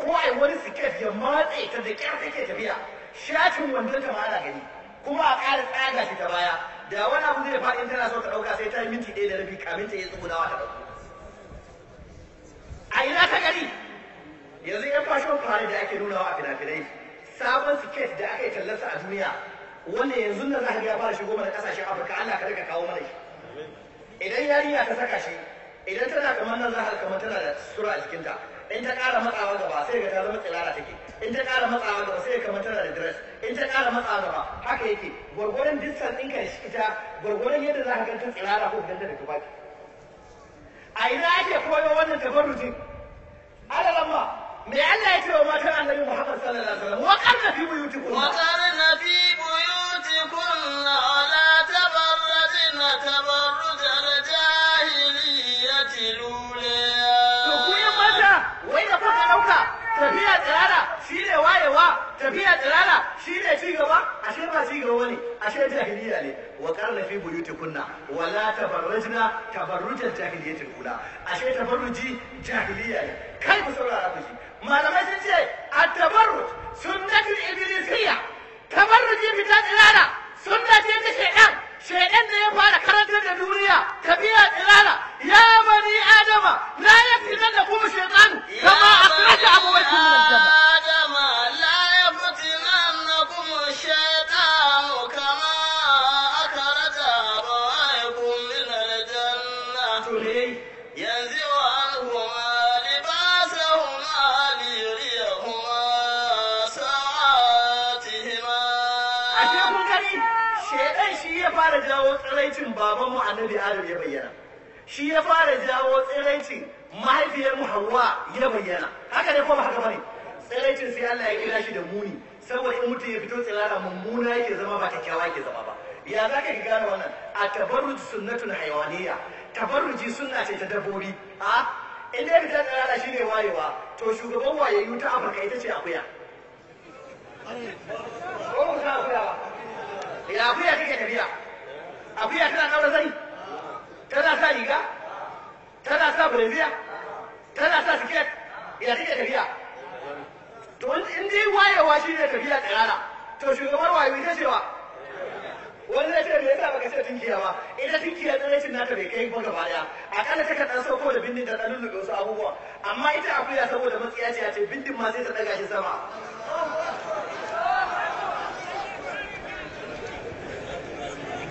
ko wani sikef ya matse ta da ƙyar take tafiya shafin wandon ta gani kuma a ƙara tsaga shi ta baya da wani abu zai faɗi tana so ta ɗauka sai ta yi minti ɗaya da rabi kamin ta yi tsugunawa ta ɗauko a ina ta gari yanzu yan fashon fare da ake nunawa a fina-finai sabon siket da aka yi tallarsa a duniya wanda yanzu nan za ka ya fara shigo mana ƙasashen afirka allah ka daga kawo mana shi idan yarinya ta saka shi idan tana kamar nan za kamar tana da sura a jikinta in ta ƙara matsawa gaba sai ga ta zama tsilara take in ta ƙara matsawa gaba sai kamar tana da dress in ta ƙara matsawa gaba haka yake gwargwaron distance ɗinka da shi ita gwargwaron yadda za ka ganta tsirara ko ganta da tufafi a ina ake koyo wannan tabarruji Alalamma. me Allah ya ce wa matan annabi Muhammad sallallahu alaihi wasallam wa qarna fi buyutikum wa qarna fi buyutikum la tabarrajna tabarruj al-jahiliyyati lula ɗauka tafiya tsirara shi ne wayewa tafiya tsirara shi ne ci gaba ashe ba ci gaba ne ashe jahiliya ne wa karna fi buyuti kunna wa la tabarrujna tabarrujan jahiliyatil ula ashe tafarruji jahiliya ne kai ku saurara ku ji malamai sun ce at-tabarruj sunnatul iblisiyya tabarruji fi tsirara sunna ce ta shaidan shaidan ne ya fara karantar da duniya tafiya tsirara ya bani adama la yaftinan da kuma shaidan kama akrata abawaikum min al-janna adama la yaftinan da kuma shaidan fara jawo tsiraicin babanmu annabi adam ya bayyana shi ya fara jawo tsiraicin mahaifiyarmu hawa ya bayyana haka ne ko haka bane tsiraicin sai Allah ya kira shi da muni saboda in mutum ya fito tsirara mummuna yake zama ba kyakkyawa yake zama ba ya za ka gane wannan a tabarruji sunnatun haywaniya tabarruji sunna ce ta dabbobi a in dai fita tsirara ne wayewa to shugaban wayayyu ta Afirka ita ce akuya ko akuya ya akuya kake tafiya abriya tana daura zani tana sa riga tana sa brazier tana sa siket ya take tafiya to in dai wayewa shi ne tafiya tsirara to shugabar wayewa ita cewa wani zai ce me yasa baka ce tunkiya ba ita tunkiya da rashin nata bai kai ba gaba daya akalla take dan sauko da bindin da dan lulluɓe wasu abubuwa amma ita akuya saboda matsiya ce bindin ma sai ta daga shi sama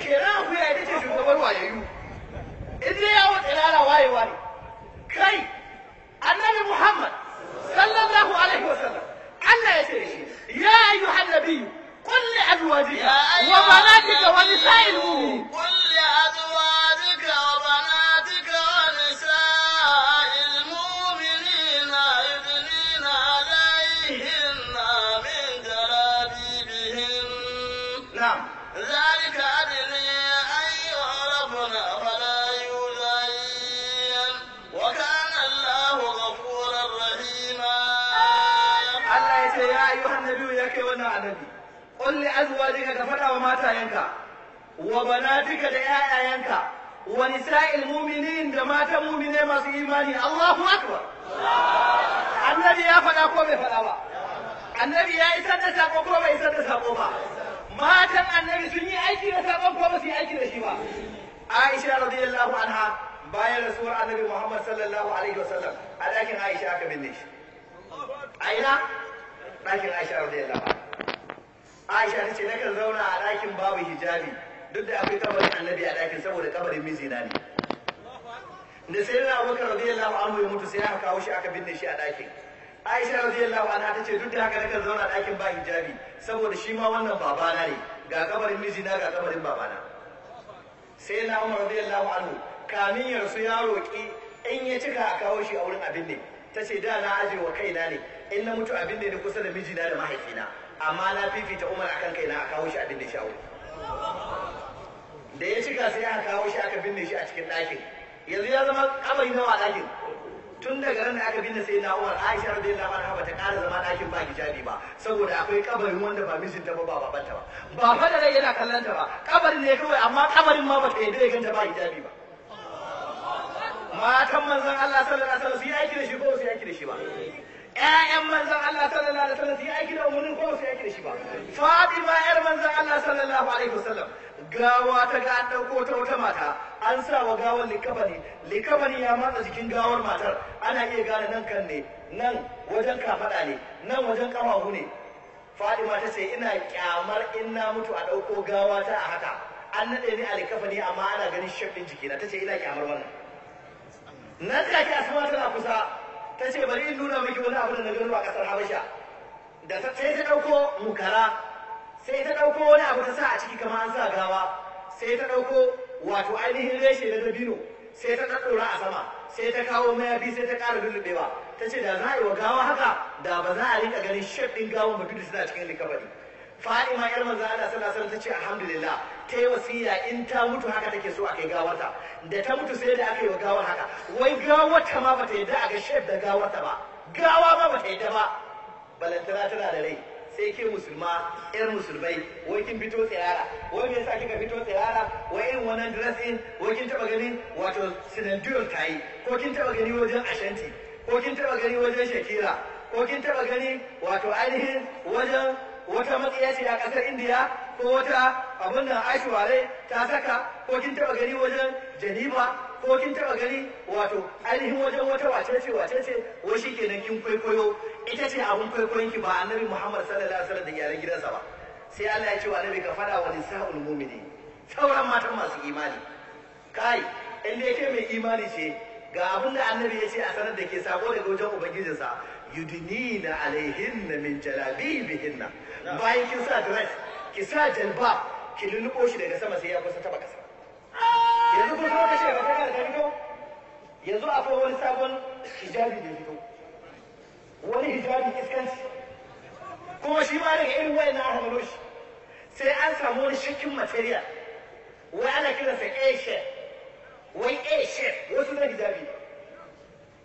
kenan akuya ita ce shugabar wayayyu in dai yawon tsirara wayewa ne kai annabi muhammad sallallahu alaihi wasallam allah ya ce shi ya ayyuhan nabiyyu قل لأزواجك وبناتك ونساء المؤمنين قل لأزواجك وبناتك qul li azwajika ka faɗa wa matayenka wa banatika da ƴaƴayenka wa nisa'il mu'minin da matan mu'mine masu imani Allahu akbar annabi ya faɗa ko bai faɗa ba annabi ya isar da sako ko bai isar da sako ba matan annabi sun yi aiki da sabon ko ba su yi aiki da shi ba aisha radiyallahu anha bayan rasuwar annabi muhammad sallallahu alaihi wasallam a ɗakin aisha aka binne shi a ina ɗakin aisha radiyallahu anha Aisha ta ce na kan zauna a ɗakin babu hijabi duk da akwai kabarin annabi a ɗakin saboda kabarin mijina ne. Da sai na Abubakar radiyallahu anhu ya mutu sai aka kawo shi aka binne shi a ɗakin. Aisha radiyallahu anha ta ce duk da haka na kan zauna a ɗakin ba hijabi saboda shi ma wannan babana ne ga kabarin mijina ga kabarin babana. Sai na Umar radiyallahu anhu kamin ya rasu ya roƙi in ya cika a kawo shi a wurin abin ne. Ta ce da na aje wa kaina ne in na mutu abin ne kusa da mijina da mahaifina. amma na fifita umar akan kaina a kawo shi a binne shi a wuri da ya cika sai a kawo shi aka binne shi a cikin ɗakin yanzu ya zama kabari nawa ɗakin tun daga ran da aka binne sai na umar aisha fara haɓa ta ƙara zama ɗakin ba hijabi ba saboda akwai kabarin wanda ba ta ba ba babanta ba ba fa da rai yana kallon ta ba kabarin ne kawai amma kabarin ma bata yadda ya ganta ba hijabi ba matan manzon Allah sallallahu alaihi wasallam sai aiki da shi ko ya aiki da shi ba ƴaƴan manzan Allah sallallahu alaihi wasallam yi aiki da umarnin ko su aiki da shi ba Fatima ƴar manzan Allah sallallahu alaihi wasallam gawa ta ga an dauko ta wata mata an sa wa gawar likabani likabani ya matsa jikin gawar matar ana iya gane nan kan ne nan wajen kafada ne nan wajen kafafu ne Fatima ta ce ina kyamar in na mutu a dauko gawa ta a haka an nade ni a likabani amma ana ganin shafin jikina ta ce ina kyamar wannan nan take asma tana kusa ta ce bari in nuna miki wani abu da na gano a kasar habasha da sai ta ɗauko mukara sai ta ɗauko wani abu ta sa a ciki kamar an sa gawa sai ta ɗauko wato ainihin reshe na dabino sai ta ɗaɗɗora a sama sai ta kawo mayafi sai ta ƙara lulluɓewa ta ce da za a yi wa gawa haka da ba za a rika ganin shaɗin gawa mutum da suna cikin likabari fa'ima yar manzo Allah sallallahu alaihi wasallam ta ce alhamdulillah ta yi wasiya in ta mutu haka take so a kai gawarta da ta mutu sai da aka yi wa gawar haka wai gawarta ma bata yadda a ga shef da gawarta ba gawa ma bata yadda ba balantana tana da rai sai ke musulma yan musulmai wai kin fito tsirara wai me yasa kika fito tsirara wai irin wannan dressing wai kin taba gani wato ta tayi ko kin taba gani wajen ashanti ko kin taba gani wajen shakira ko kin taba gani wato ainihin wajen wata matsiya ce a ƙasar indiya ko wata abin nan ashiware ta saka ko kin taba gani wajen janima ko kin taba gani wato ainihin wajen wata wace ce wace ce wa shi kenan kin kwaikwayo ita ce abin kwaikwayon ki ba annabi Muhammad sallallahu alaihi wasallam da gyaran gidansa ba sai Allah ya ce wa annabi ka fada wa nisa'ul mumini sauran matan masu imani kai in dai mai imani ce ga abin da annabi ya ce a sanar da ke sako daga wajen ubangijinsa yudinina alaihinna min jalabibihinna bayan kin sa dress ki sa jalba ki lulluɓo shi daga sama sai ya kusa taɓa ƙasa yanzu kun san kashi daga kasa ta fito yanzu akwai wani sabon hijabi da fito wani hijabi iskanci kuma shi ma daga irin wayan na aka shi sai an samu wani shakin material wai ana kiransa a share wai a share wasu na hijabi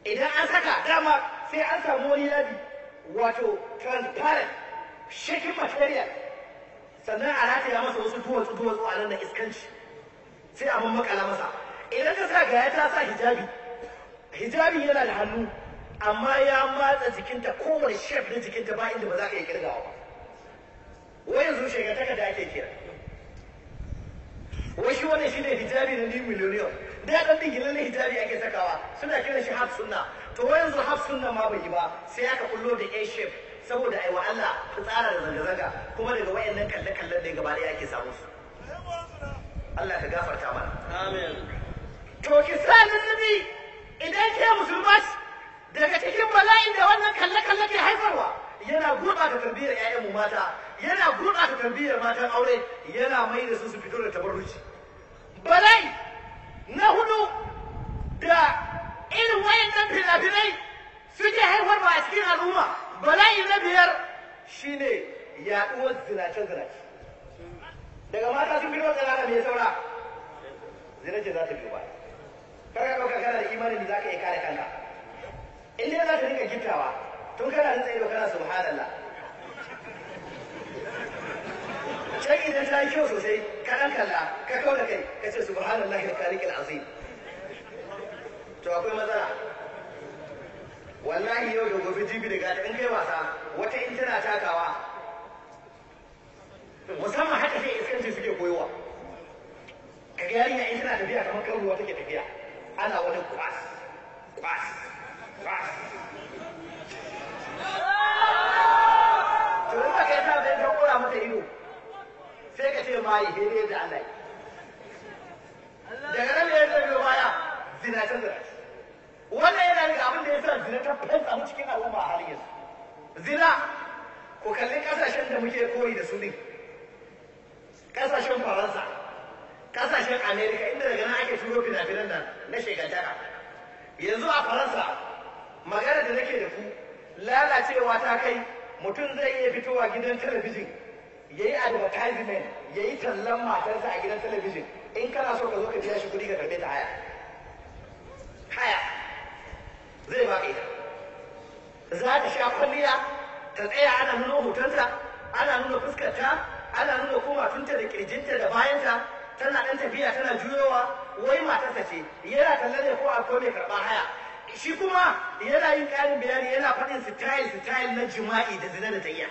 idan an saka dama sai an samu wani yadi wato transparent shaking material sannan a rataya masa wasu duwatsu duwatsu a nan da iskanci sai abin makala masa idan ka sa ga ya ta sa hijabi hijabi yana da hannu amma ya matsa jikinta kowane shef na jikinta ba inda ba za ka iya kirgawa ba wai yanzu ka da ake kira wai shi wannan shine hijabi na new millennium da ya dan dingila na hijabi ake sakawa suna kiran shi half to wai yanzu half ma bai yi ba sai aka kullo da a shape saboda ai wa Allah tsara da zanga-zanga kuma daga wayannan kalle-kallen da gaba ɗaya ake samu su Allah ka gafarta mana amin to ki sa nabi idan ke musulma daga cikin bala'in da wannan kalle-kalle ke haifarwa yana ta tarbiyyar mu mata yana ta tarbiyyar matan aure yana mai da su su fito da tabarruci balai na hudu da irin wayannan fina-finai suke haifarwa a cikin al'umma bala'i na biyar shine yaɗuwar zinacen zinaci daga mata sun fito tsanana mai saura zinace za ta biyo ba kar ka ɗauka kana da imanin za ka iya kare kanka in dai za ta dinga gittawa tun kana da tsaye kana su subhanallah can idan ta yi kyau sosai ka ɗan kalla ka kawo da kai ka ce su subhanallah da karikin azim to akwai matsala wallahi yau da gobe jibi da gada in kai wasa wata in tana takawa musamman haka sai iskanci suke koyowa kaga yarinya in tana tafiya kamar kan ruwa take tafiya ana wani kwas kwas kwas to ba kai ta bai ka mata ido sai ka ce mai hede da Allah daga nan ne ya zo baya zinace zinace wannan yana daga abin da ya sa zina ta fanta mu cikin al'umma a yanzu zina ku kalli kasashen da muke koyi da su ne kasashen faransa ƙasashen amerika inda daga nan ake turo fina-finan nan na shekantaka yanzu a faransa magana da nake da ku lalacewa ta kai mutum zai iya fitowa gidan talabijin ya yi advertisement ya yi tallan matarsa a gidan talabijin in kana so ka zo ka biya shi kuɗi ka karɓe ta haya zai ba ita za ta sha kwalliya ta tsaya ana nuna hotonta ana nuna fuskarta ana nuna tunta da kirjinta da bayanta tana ɗan tafiya tana juyowa wai matarsa ce yana kallon ne ko akwai mai karɓa haya shi kuma yana yin ƙarin bayani yana faɗin style style na jima'i da zina da tayya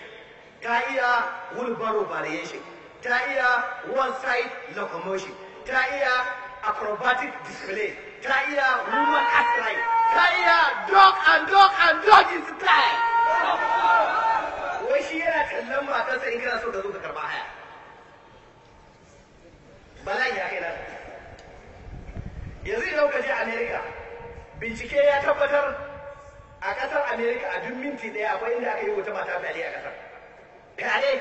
ta iya wulbaro variation ta iya one side locomotion ta iya acrobatic display ta iya woman astride kariya dog and dog and dog is style wai shi yana kallon matarsa in kana so zo ka karba haya ya kai nan yanzu je america bincike ya tabbatar a ƙasar america a duk minti akwai inda aka yi wata mata fyaɗe a ƙasar fyaɗe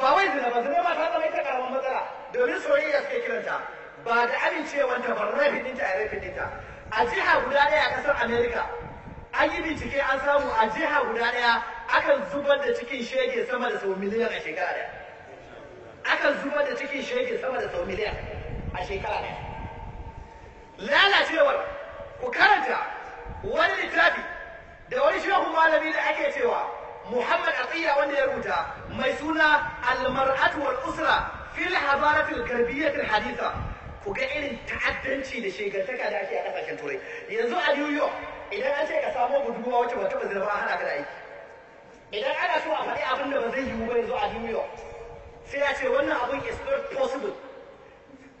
ba wai zina ba zina ba ta zama ita ƙaramin matsala domin soyayya suke kiranta ba da amincewanta ba rafin ɗinta a rafin ɗinta a jiha guda ɗaya a ƙasar Amerika, an yi bincike an samu a jiha guda ɗaya akan zubar da cikin shege sama da sau miliyan a shekara ɗaya akan zubar da cikin shege sama da sau miliyan a shekara ɗaya lalacewar ku karanta wani littafi da wani shehu malami da ake cewa muhammad Atiyya wanda ya rubuta mai suna al-mar'atu wal usra fil hadaratil garbiyatil haditha ku ga irin ta'addanci da shegantaka da ake a ƙasashen turai yanzu a new york idan an ce ka samo budurwa wacce ba taɓa zirba hana ka da aiki idan ana so a faɗi abin da ba zai yiwu ba yanzu a new york sai a ce wannan abin is not possible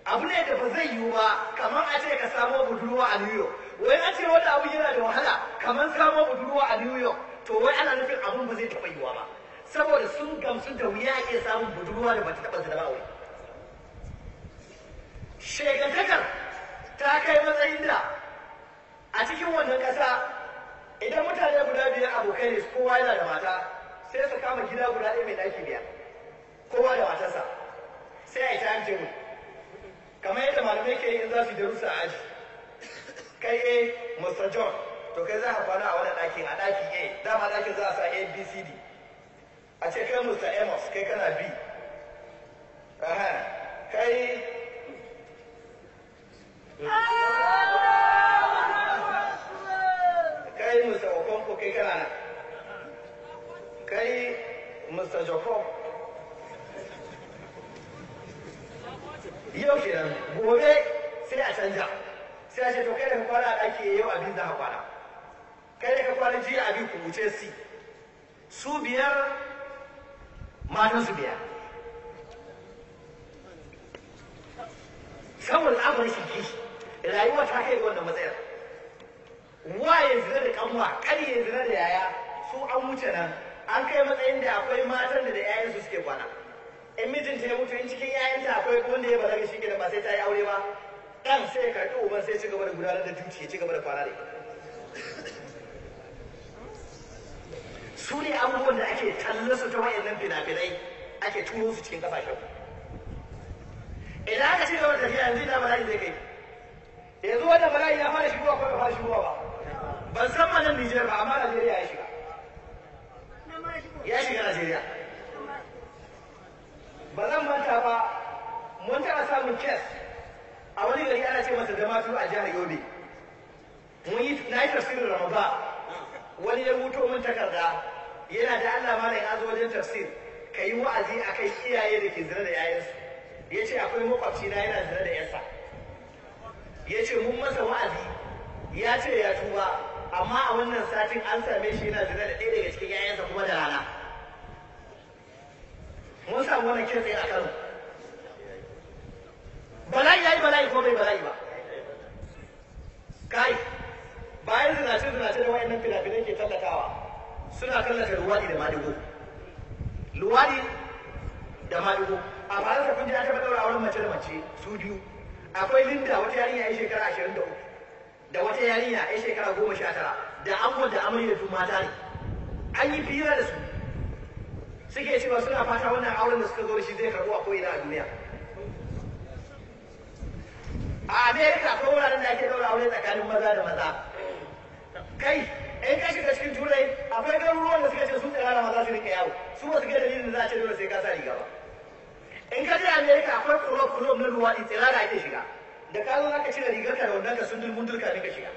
abu ne da ba zai yiwu ba kamar a ce ka samo budurwa a new york wai a ce wannan abin yana da wahala kamar samo budurwa a new york to wai ana nufin abin ba zai taɓa yiwuwa ba saboda sun gamsu da wuya ake samun budurwa da ba ta taɓa zirba wai Shekantakar ta kai matsayin da a cikin wannan ƙasa idan mutane guda biyar abokai ne kowa yana da mata sai su kama gida guda ɗaya mai ɗaki biyar kowa da matarsa sai a yi time table kamar yadda malamai ke yin za su darussa su aji kai a eh, Mr. John to kai za a kwana a wani ɗakin a ɗakin A dama ɗakin za a sa A B C D a ce kai Mr. Amos kai kana B kai kai mr okonko kai kana nan kai mr jacob yau kenan gobe sai a canja sai a ce to kai da ka kwana a ɗaki yau abin za ka kwana kai da ka kwana jiya abin ku wuce si su biyar matan su biyar saboda tsabar shi rayuwa ta kai wannan matsayar wa ya zina da kanwa kar ya zina da yaya su an wuce nan an kai matsayin da akwai matan da da yayansu suke kwana in mijinta ya mutu in cikin yayanta akwai wanda ya balaga shi kenan ba sai ta yi aure ba dan sai ya karɓi uban sai ya ci gaba da gudanar da duty ya ci gaba da kwana da su ne abubuwan da ake kallon su ta wayannan fina-finai ake turo su cikin kafashen idan aka ci gaba da tafiya yanzu ina ba za zai kai yanzu wanda bala'i ya fara shigowa ko bai fara shigowa ba ban san manan Nijar ba amma Najeriya ya shiga ya shiga Najeriya ba zan manta ba mun taɓa samun kes a wani gari ana ce masa damatu a jihar Yobe mun yi na yi tafsirin Ramadan wani ya mutu min takarda yana da Allah malam ya zo wajen tafsir ka yi wa'azi kai iyaye da ke zina da 'ya'yansu ya ce akwai makwabci na yana zina da 'yarsa ya ce mun masa wa'azi ya ce ya tuba amma a wannan satin an same shi yana zina da ɗaya daga cikin yayansa kuma da rana mun samu wannan kirtsi a kano bala'i ya yi bala'i ko bai bala'i ba kai bayan zinace zinace da wayannan fina-finai ke tallatawa suna tallata luwaɗi da madugo luwaɗi da madugo a bayan kun ji an taɓa ɗaura auren mace da mace su biyu akwai linda wata yarinya ya shekara ashirin da uku da wata yarinya ya shekara goma sha tara da amma da amarya su mata ne an yi fira da su suke cewa suna fata wannan auren da suka zo da shi zai karbu a ko'ina a duniya a amerika ko wuraren da ake zaura aure tsakanin maza da maza kai in ka shiga cikin turai akwai garuruwan da suka ce sun tsara maza su rika yawo su ba su ga dalilin da za a ce dole sai ka sa riga ba in ka je Amerika akwai kuro kuro na ruwa in tsira da ake shiga da ka zo za ka cire rigar ka da wannan ka sundul mundul ka ka shiga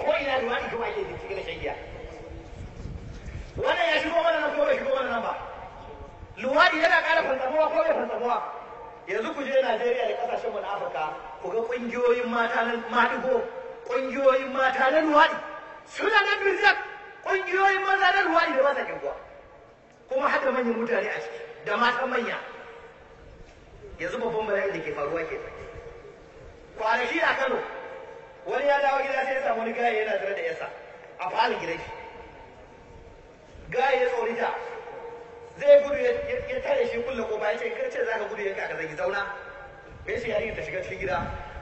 ko ina ruwa ne kuma ake cikin da shagiya wannan ya shigo mana nan ko bai shigo mana nan ba luwadi yana ƙara fansamuwa ko bai fansamuwa yanzu ku je Najeriya da kasashen na Afirka ku ga ƙungiyoyin mata na maɗigo ƙungiyoyin mata na luwadi suna na birjak ƙungiyoyin maza na luwadi da ba sa kuma haɗa manyan mutane a ciki da mata manya yanzu babban bala'in da ke faruwa ke kwanaki a kano wani ya dawo gida sai ya samu wani gaya yana tare da yasa a falin gidan shi gaya ya ta zai gudu ya tare shi kulle ko ba ya ce kar ce za ka gudu ya kaka zai zauna ya shi yarinyar ta shiga cikin gida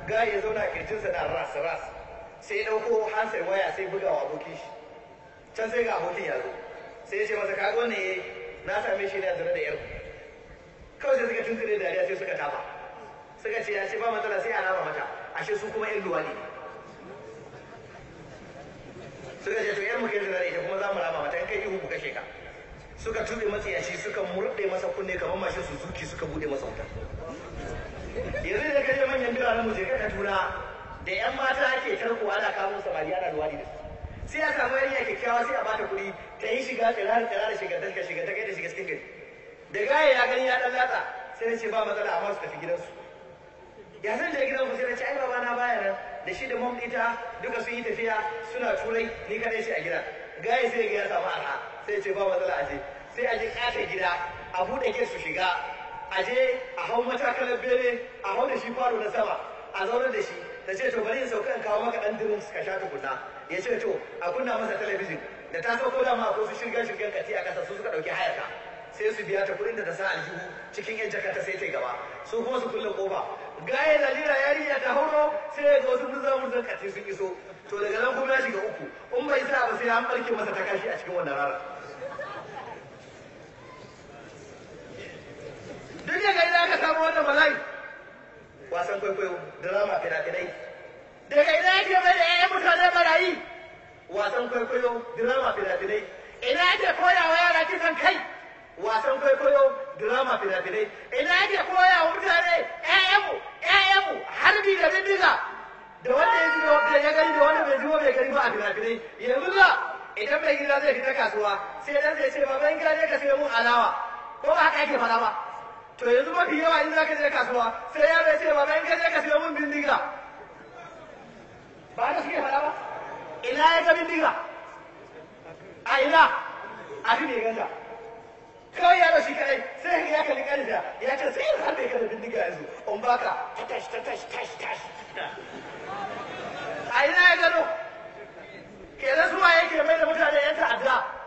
gaya ya zauna a kirjinsa na ras ras sai ya ɗauko hansar waya sai buga wa abokin shi can sai ga abokin ya zo sai ya ce masa kaga wannan ya eh? yi na same shi da zina da yar kawai sai suka tuntune dariya sai suka tafa suka ce ya ce ba matsala sai alama mata ashe su kuma yan luwali suka ce to yar muke zina da ita kuma za mu rama mata in kai ihu ku kashe ka suka tuɗe matsiyaci suka murɗe masa kunne kamar mashin suzuki suka buɗe masa wuta yanzu da kaje manyan biranen mu je ka tura da yan mata ake tarko ana kawo samari ana luwali da su sai a samu yarinya kyakkyawa sai a bata kuɗi ta yi shiga tsirara tsirara shiga ta shiga ta kai da shiga cikin gari da gaya ya gani ya ɗan latsa sai na ce ba matsala amma su tafi gidansu ya san je gidansu sai na ce ai baba na baya nan da shi da mom duka sun yi tafiya suna turai ni kadai ce a gida gaya sai ya samu arha sai ce ba matsala a je sai a je ƙata gida a buɗe gate su shiga a je a hau matakalar bere a hau da shi faro na sama a zaunar da shi ta ce to bari in sauka in kawo maka ɗan dirin ka sha tukunna ya ce to a kunna masa talabijin da ta sauko dama ko su shirga shirgen kati a kasa su suka dauki hayata sai su biya ta kuɗin da ta sa aljihu cikin yan jakarta sai ta gaba su kuma su kulle kofa gaya lalira yarinya ta hauro sai ya zo sun zama murzan kati sun iso to daga nan kuma ya shiga uku in bai sa ba sai an barke masa ta kashi a cikin wannan rara. duk daga ina ka samu wannan malai wasan kwaikwayo drama fina-finai daga ina ke mai da yi wasan kwaikwayo drama fina-finai ina yake koya wa yara kisan kai wasan kwaikwayo drama fina-finai ina yake koya wa mutane ayyamu har harbi da bindiga da wanda ya zuwa da ya gani da wanda bai zuwa bai gani ba a fina-finai yanzu ba idan mai gida zai fita kasuwa sai dan zai ce ba ban gida zai ka sayo mun alawa ko ba haka yake faɗa ba to yanzu mafi yawa in za ka je kasuwa sai yaro ya ce ba ban gida zai ka sayo mun bindiga ba da suke faɗa ba ina ya ga bindiga a ina a fi mai ganda kawai ya rashi kadai sai ya kalli da, ya ce sai har bai kalli bindiga yanzu on baka ta tash ta tash tash tash a ina ya gano zai zuwa yake mai da mutane yan ta'adda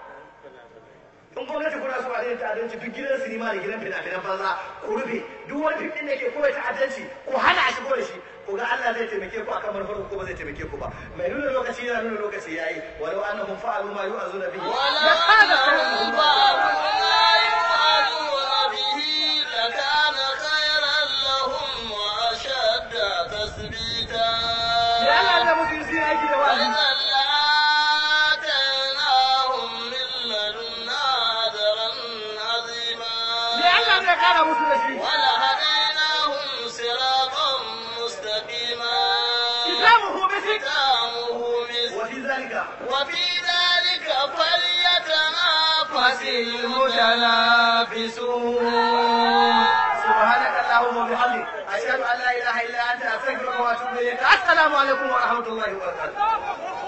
in gwamnati kuna so a ta ta'addanci duk gidan sinima da gidan fina-finan banza ku rufe duk wani ɗin da ke ta ta'addanci ko hana a shigo da shi ku ga Allah zai taimake ku akan manufar ku ba zai taimake ku ba mai nuna lokaci yana nuna lokaci yayi walau annahum fa'alu ma yu'azuna bihi wala annahum ذلك وفي ذلك فليتنافس المتنافسون سبحانك اللهم وبحمدك أشهد أن لا إله إلا أنت أستغفرك وأتوب إليك السلام عليكم ورحمة الله وبركاته